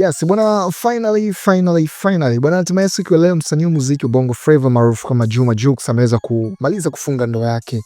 Yes, bwana finally finally finally bwana, hatimaye siku ya leo msanii wa muziki wa Bongo Flava maarufu kama Juma Jux ameweza kumaliza kufunga ndoa yake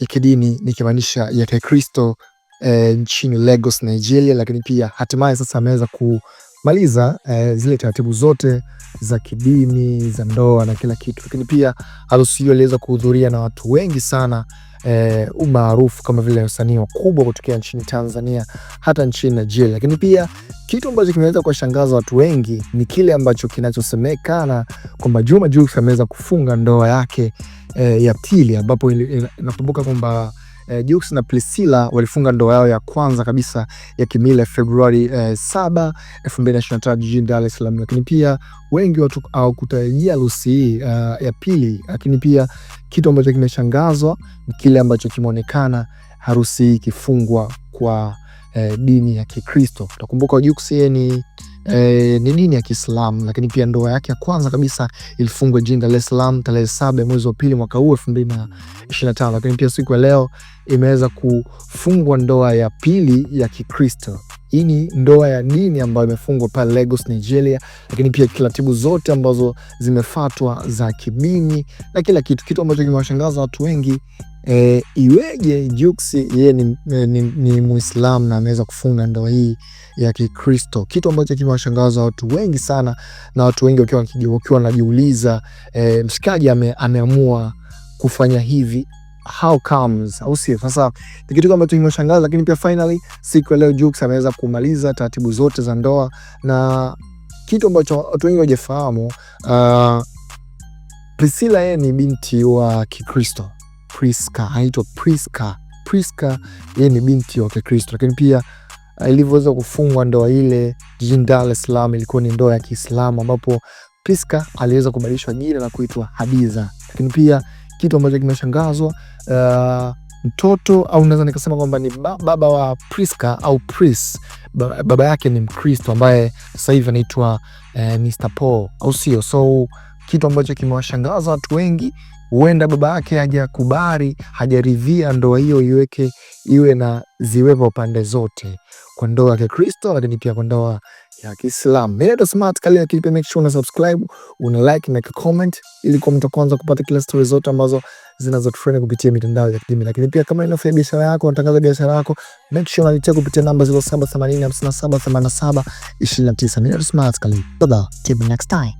ya kidini nikimaanisha ya Kikristo eh, nchini Lagos, Nigeria, lakini pia hatimaye sasa ameweza ku maliza eh, zile taratibu zote za kidini za ndoa na kila kitu, lakini pia harusi hiyo iliweza kuhudhuria na watu wengi sana eh, umaarufu kama vile wasanii wakubwa kutokea nchini Tanzania hata nchini Nigeria. Lakini pia kitu ambacho kimeweza kuwashangaza watu wengi ni kile ambacho kinachosemekana kwamba Juma Jux ameweza kufunga ndoa yake eh, ya pili, ambapo inakumbuka eh, kwamba eh, Jux na Priscilla walifunga ndoa yao ya kwanza kabisa ya kimila Februari eh, 7, 2023 jijini Dar es Salaam, lakini pia wengi watu hawakutarajia harusi hii uh, ya pili, lakini pia kitu ambacho kimeshangazwa ni kile ambacho kimeonekana harusi hii ikifungwa kwa eh, dini ya Kikristo. Utakumbuka Jux yeye ni Eh, ni dini ya kiislam lakini pia ndoa yake ya kwanza kabisa ilifungwa jijini Dar es Salaam tarehe saba mwezi wa pili mwaka huu elfu mbili na ishirini na tano lakini pia siku ya leo imeweza kufungwa ndoa ya pili ya Kikristo. Hii ni ndoa ya dini ambayo imefungwa pale Lagos, Nigeria, lakini pia taratibu zote ambazo zimefatwa za kidini na kila kitu, kitu ambacho kimewashangaza watu wengi E, iweje Jux yeye ni, ni, ni Muislamu na ameweza kufunga ndoa hii ya Kikristo, kitu ambacho kimewashangaza watu wengi sana, na watu wengi wakiwa wakiwa wanajiuliza e, mshikaji ame, ameamua kufanya hivi how comes, au sio? Sasa ni kitu ambacho kimewashangaza, lakini pia finally siku ya leo Jux ameweza kumaliza taratibu zote za ndoa, na kitu ambacho watu wengi wajafahamu, uh, Priscilla yeye ni binti wa Kikristo Priska, anaitwa Priska. Priska yeye ni binti wa Kikristo, lakini pia eh, ilivyoweza kufungwa ndoa ile jijini Dar es Salaam ilikuwa ni ndoa ya Kiislamu ambapo Priska aliweza kubadilishwa jina na kuitwa Hadiza. Lakini pia kitu ambacho kimeshangazwa uh, mtoto au naweza nikasema kwamba ni baba wa Priska au Pris, baba yake ni Mkristo ambaye sasa hivi anaitwa uh, eh, Mr Paul, au sio? So kitu ambacho kimewashangaza watu wengi. Huenda baba yake hajakubali, hajaridhia ndoa hiyo iweke iwe na ziwepo pande zote, kwa ndoa ya Kikristo lakini pia kwa ndoa ya Kiislamu. Mimi ndo Smart Kali, lakini pia make sure una subscribe, una like, make comment ili kwa mtu wa kwanza kupata kila story zote ambazo zinazotrend kupitia mitandao ya kijamii. Lakini pia kama inafanya biashara yako, unatangaza biashara yako, make sure unanitia kupitia namba 0780578729. Mimi ndo Smart Kali. Bye bye. Till next time.